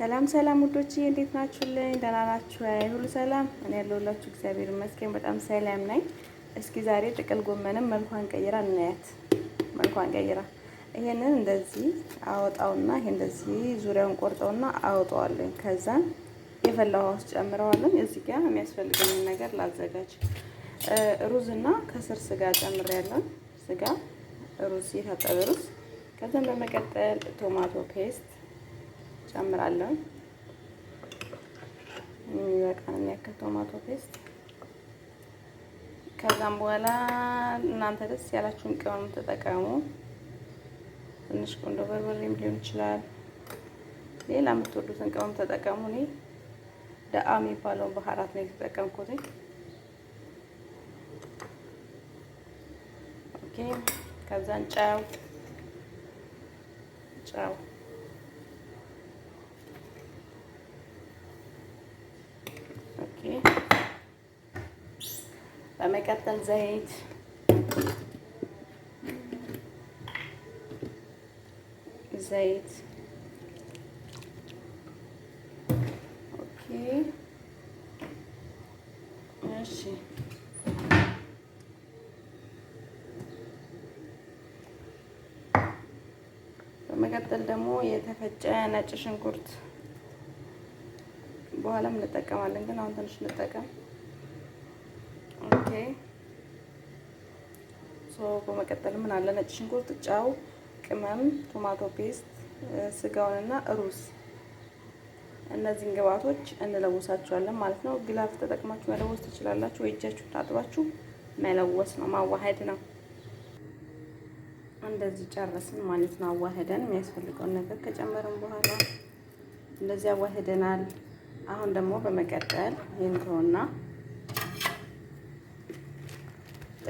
ሰላም ሰላም ውዶች እንዴት ናችሁልኝ? ደህና ናችሁ? ሁሉ ሰላም? እኔ ያለሁላችሁ እግዚአብሔር ይመስገን በጣም ሰላም ነኝ። እስኪ ዛሬ ጥቅል ጎመንም መልኳን ቀይራ እናያት። መልኳን ቀይራ ይሄንን እንደዚህ አወጣውና ይሄ እንደዚህ ዙሪያውን ቆርጠውና አወጣዋለን። ከዛ የፈላ ውሃ ውስጥ ጨምረዋለን። እዚህ ጋር የሚያስፈልገንን ነገር ላዘጋጅ። ሩዝና ከስር ስጋ ጨምሬያለሁ። ስጋ ሩዝ፣ የታጠበ ሩዝ። ከዛን በመቀጠል ቶማቶ ፔስት ጨምራለሁ። የሚበቃን ያክል ቶማቶ ፔስት። ከዛም በኋላ እናንተ ደስ ያላችሁን ቅመም ተጠቀሙ። ትንሽ ቁንዶ በርበሬም ሊሆን ይችላል። ሌላ የምትወዱትን ቅመም ተጠቀሙ። እኔ ዳአ የሚባለውን ባህራት ነው የተጠቀምኩት። ኦኬ ከዛን ጨው ጨው በመቀጠል ዘይት ዘይት በመቀጠል ደግሞ የተፈጨ ነጭ ሽንኩርት በኋላም እንጠቀማለን፣ ግን አሁን ትንሽ እንጠቀም። በመቀጠል ምን አለ ነጭ ሽንኩርት፣ ጨው፣ ቅመም፣ ቶማቶ ፔስት፣ ስጋውንና ሩዝ እነዚህን ግብአቶች እንለውሳቸዋለን ማለት ነው። ግላፍ ተጠቅማችሁ መለወስ ትችላላችሁ። ወይ እጃችሁን ታጥባችሁ መለወስ ነው፣ ማዋሃድ ነው። እንደዚህ ጨረስን ማለት ነው። አዋህደን የሚያስፈልገውን ነገር ከጨመርን በኋላ እንደዚህ አዋህደናል። አሁን ደግሞ በመቀጠል ይህን ተውና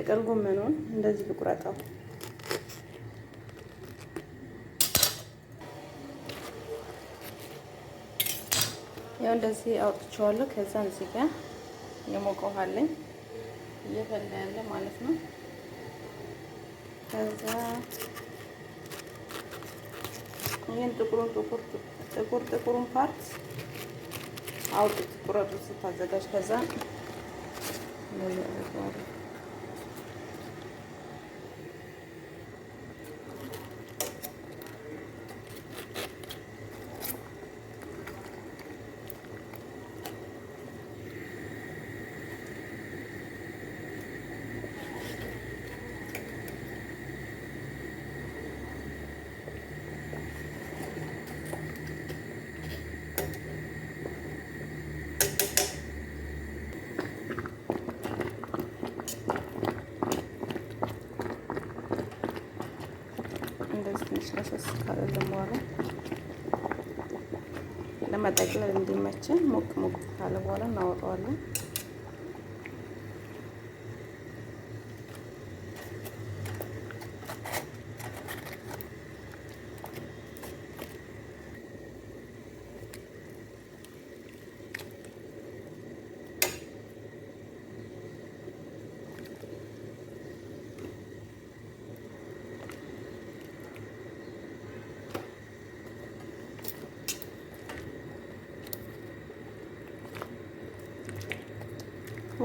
ጥቅል ጎመኑን እንደዚህ ልቁረጠው። ያው እንደዚህ አውጥቼዋለሁ። ከዛ እዚህ ጋር የሞቀ ውሃ አለኝ እየፈላ ያለ ማለት ነው። ከዛ ይህን ጥቁሩን ጥቁር ጥቁሩን ፓርት አውጥ ቁረጡ ስታዘጋጅ ከዛ ካረግን በኋላ ለመጠቅለል እንዲመችን ሞቅ ሞቅ ካለ በኋላ እናወጣዋለን።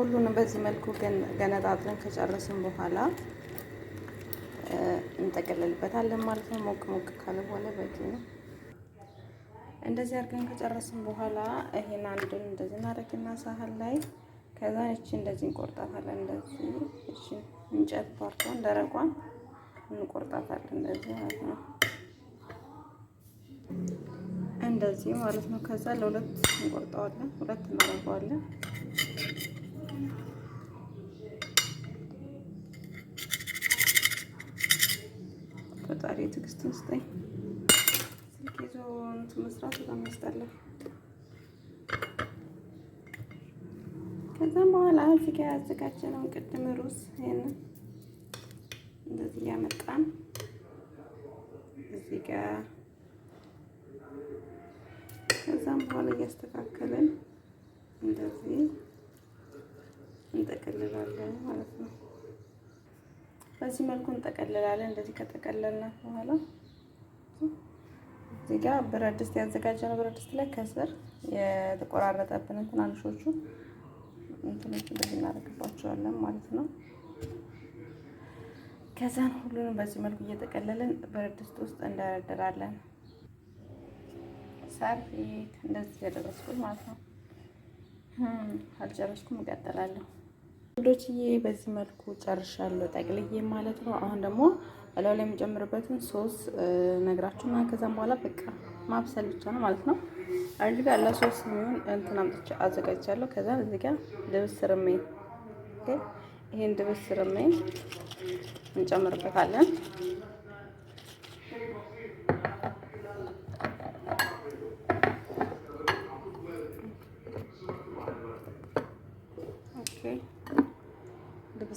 ሁሉንም በዚህ መልኩ ገነጣጥለን ከጨረስን በኋላ እንጠቀለልበታለን ማለት ነው። ሞቅ ሞቅ ካለ በኋላ በቂ ነው። እንደዚህ አድርገን ከጨረስን በኋላ ይሄን አንዱን እንደዚህ እናደርግና ሳህን ላይ ከዛ እቺ እንደዚህ እንቆርጣታለን። እንደዚህ እቺ እንጨት ፓርቶ እንደረቋን እንቆርጣታለን እንደዚህ ማለት ነው። እንደዚህ ማለት ነው። ከዛ ለሁለት እንቆርጠዋለን፣ ሁለት እናደርገዋለን። ፈጣሪ ትዕግስቱን ስጠኝ። ስልክ ይዞ እንትን መስራት በጣም ያስጠላል። ከዛም በኋላ እዚህ ጋር ያዘጋጀነውን ቅድም ሩዝ ይሄንን እንደዚህ እያመጣን እዚህ ጋር ከዛም በኋላ እያስተካከልን እንደዚህ እንጠቀልላለን ማለት ነው። በዚህ መልኩ እንጠቀልላለን። እንደዚህ ከጠቀለልናት በኋላ እዚህ ጋር ብረት ድስት ያዘጋጀነው ብረት ድስት ላይ ከስር የተቆራረጠብንን ትናንሾቹ እንትኖች እንደዚህ እናደርግባቸዋለን ማለት ነው። ከዛን ሁሉንም በዚህ መልኩ እየጠቀለልን ብረት ድስት ውስጥ እንደረድራለን። ሰርፌት እንደዚህ የደረስኩት ማለት ነው። አልጨረስኩም፣ እቀጥላለሁ ዶችዬ በዚህ መልኩ ጨርሻለሁ ጠቅልዬ ማለት ነው። አሁን ደግሞ እላው ላይ የሚጨምርበትን ሶስ ነግራችሁና ከዛም በኋላ በቃ ማብሰል ብቻ ነው ማለት ነው። እዚህ ጋር ለሶስ የሚሆን እንትን አምጥቼ አዘጋጅቻለሁ። ከዛ እዚህ ጋር ድብስ ርሜ ይሄን ድብስ ርሜ እንጨምርበታለን።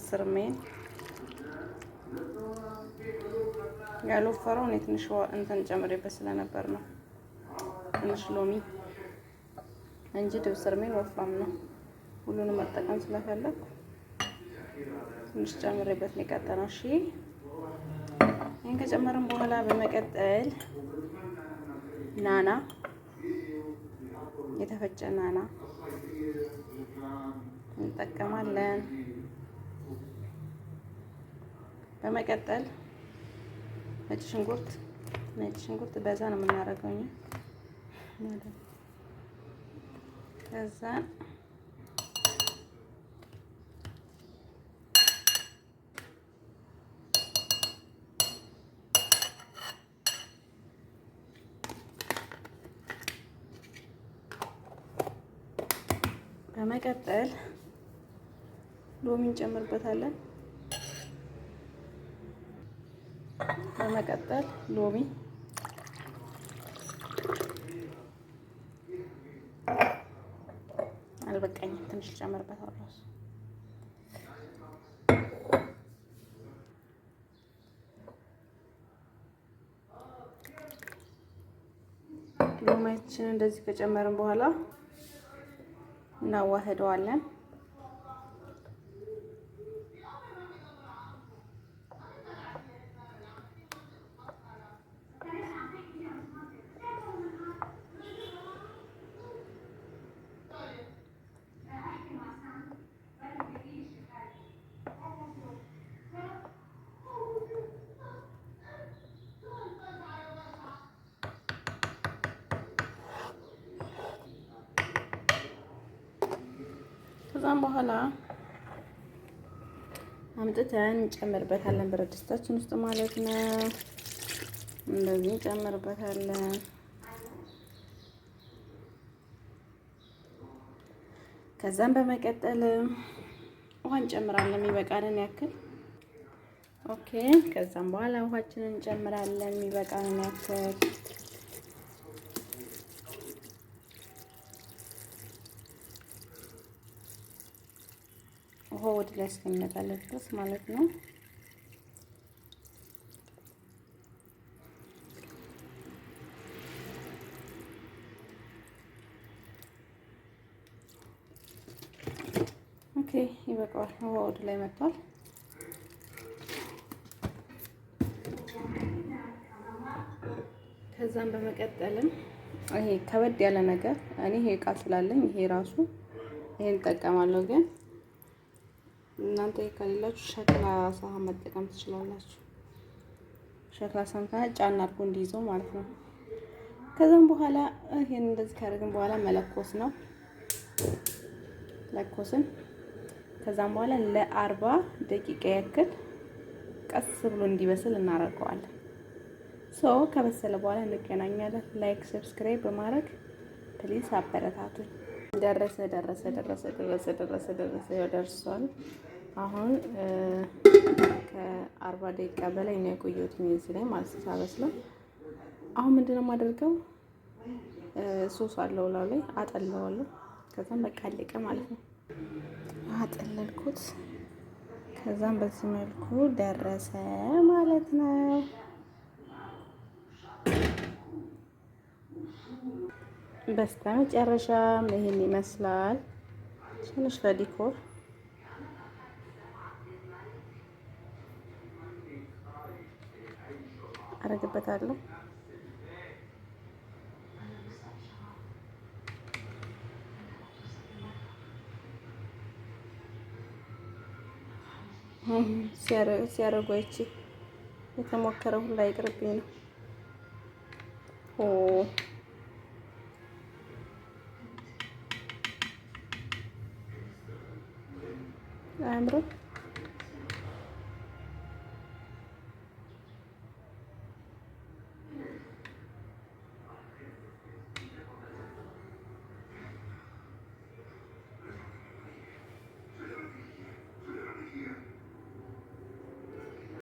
አስር ሜን ያልወፈረው እኔ ትንሽ እንትን ጨምሬበት ስለነበር ነው። ትንሽ ሎሚ እንጂ ድብስር ሜን ወፍራም ነው። ሁሉንም መጠቀም ስለፈለኩ ትንሽ ጨምሬበት ነው የቀጠነው። እሺ ይህን ከጨመርን በኋላ በመቀጠል ናና፣ የተፈጨ ናና እንጠቀማለን። በመቀጠል ነጭ ሽንኩርት ነጭ ሽንኩርት በዛ ነው የምናደርገው እኛ ከዛ በመቀጠል ሎሚ እንጨምርበታለን። በመቀጠል ሎሚ አልበቃኝም፣ ትንሽ ልጨምርበታለሁ። እሱ ሎሚያችን እንደዚህ ከጨመርን በኋላ እናዋህደዋለን። ከሰራን በኋላ አምጥተን እንጨምርበታለን። ብረት ድስታችን ውስጥ ማለት ነው። እንደዚህ እንጨምርበታለን። ከዛም በመቀጠል ውሃ እንጨምራለን የሚበቃንን ያክል። ኦኬ። ከዛም በኋላ ውሃችንን እንጨምራለን የሚበቃንን ያክል ውሃ ወደ ላይ እስከሚመጣለ ድረስ ማለት ነው። ኦኬ ይበቃዋል። ውሃ ወደ ላይ መጥቷል። ከዛም በመቀጠልም ይሄ ከበድ ያለ ነገር እኔ ይሄ እቃ ስላለኝ ይሄ ራሱ ይሄን እጠቀማለሁ ግን እናንተ ከሌላችሁ ሸክላ ሳህን መጠቀም ትችላላችሁ። ሸክላ ሳህን ካለ ጫና አድርጎ እንዲይዘው ማለት ነው። ከዛም በኋላ ይሄን እንደዚህ ካደረግን በኋላ መለኮስ ነው። ለኮስን። ከዛም በኋላ ለአርባ ደቂቃ ያክል ቀስ ብሎ እንዲበስል እናደርገዋለን። ሶ ከበሰለ በኋላ እንገናኛለን። ላይክ ሰብስክራይብ በማድረግ ፕሊዝ አበረታቱኝ። ደረሰ ደረሰ ደረሰ ደረሰ ደረሰ ደረሰ ደርሷል። አሁን ከአርባ ደቂቃ በላይ ነው የቆየሁት እዚህ ላይ ማለት ሳበስለው። አሁን ምንድነው የማደርገው? ሶስ አለው ላው ላይ አጠለዋለሁ። ከዛም በቃ አለቀ ማለት ነው። አጠለልኩት። ከዛም በዚህ መልኩ ደረሰ ማለት ነው። በስተ መጨረሻም ይህን ይመስላል። ትንሽ ለዲኮር አረግበታለሁ። ሲያደርጉ አይቼ የተሞከረ ሁላ ይቅርብኝ ነው። አያምርም?